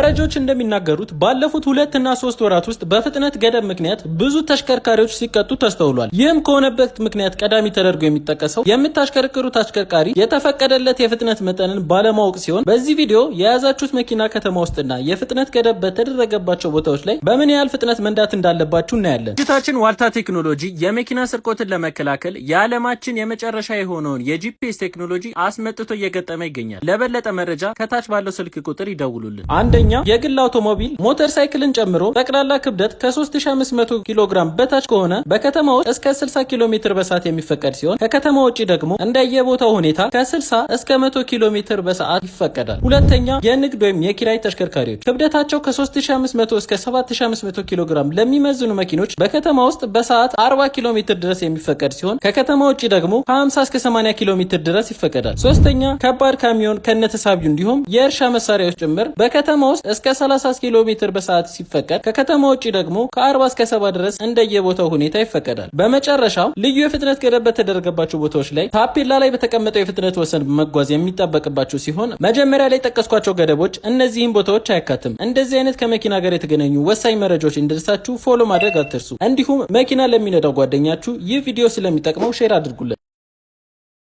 መረጃዎች እንደሚናገሩት ባለፉት ሁለት እና ሶስት ወራት ውስጥ በፍጥነት ገደብ ምክንያት ብዙ ተሽከርካሪዎች ሲቀጡ ተስተውሏል። ይህም ከሆነበት ምክንያት ቀዳሚ ተደርጎ የሚጠቀሰው የምታሽከረክሩት አሽከርካሪ የተፈቀደለት የፍጥነት መጠንን ባለማወቅ ሲሆን በዚህ ቪዲዮ የያዛችሁት መኪና ከተማ ውስጥና የፍጥነት ገደብ በተደረገባቸው ቦታዎች ላይ በምን ያህል ፍጥነት መንዳት እንዳለባችሁ እናያለን። ድርጅታችን ዋልታ ቴክኖሎጂ የመኪና ስርቆትን ለመከላከል የዓለማችን የመጨረሻ የሆነውን የጂፒኤስ ቴክኖሎጂ አስመጥቶ እየገጠመ ይገኛል። ለበለጠ መረጃ ከታች ባለው ስልክ ቁጥር ይደውሉልን። መኪናኛ የግል አውቶሞቢል ሞተር ሳይክልን ጨምሮ ጠቅላላ ክብደት ከ3500 ኪሎ ግራም በታች ከሆነ በከተማ ውስጥ እስከ 60 ኪሎ ሜትር በሰዓት የሚፈቀድ ሲሆን ከከተማ ውጭ ደግሞ እንደየቦታው ሁኔታ ከ60 እስከ 100 ኪሎ ሜትር በሰዓት ይፈቀዳል። ሁለተኛ የንግድ ወይም የኪራይ ተሽከርካሪዎች ክብደታቸው ከ3500 እስከ 7500 ኪሎ ግራም ለሚመዝኑ መኪኖች በከተማ ውስጥ በሰዓት 40 ኪሎ ሜትር ድረስ የሚፈቀድ ሲሆን ከከተማ ውጭ ደግሞ ከ50 እስከ 80 ኪሎ ሜትር ድረስ ይፈቀዳል። ሶስተኛ ከባድ ካሚዮን ከነተሳቢው እንዲሁም የእርሻ መሳሪያዎች ጭምር በከተማ ውስጥ እስከ 30 ኪሎ ሜትር በሰዓት ሲፈቀድ ከከተማ ውጭ ደግሞ ከ40 እስከ 70 ድረስ እንደየቦታው ሁኔታ ይፈቀዳል። በመጨረሻም ልዩ የፍጥነት ገደብ በተደረገባቸው ቦታዎች ላይ ታፔላ ላይ በተቀመጠው የፍጥነት ወሰን መጓዝ የሚጠበቅባቸው ሲሆን መጀመሪያ ላይ የጠቀስኳቸው ገደቦች እነዚህን ቦታዎች አያካትም። እንደዚህ አይነት ከመኪና ጋር የተገናኙ ወሳኝ መረጃዎች እንዲደርሳችሁ ፎሎ ማድረግ አትርሱ። እንዲሁም መኪና ለሚነዳው ጓደኛችሁ ይህ ቪዲዮ ስለሚጠቅመው ሼር አድርጉልን።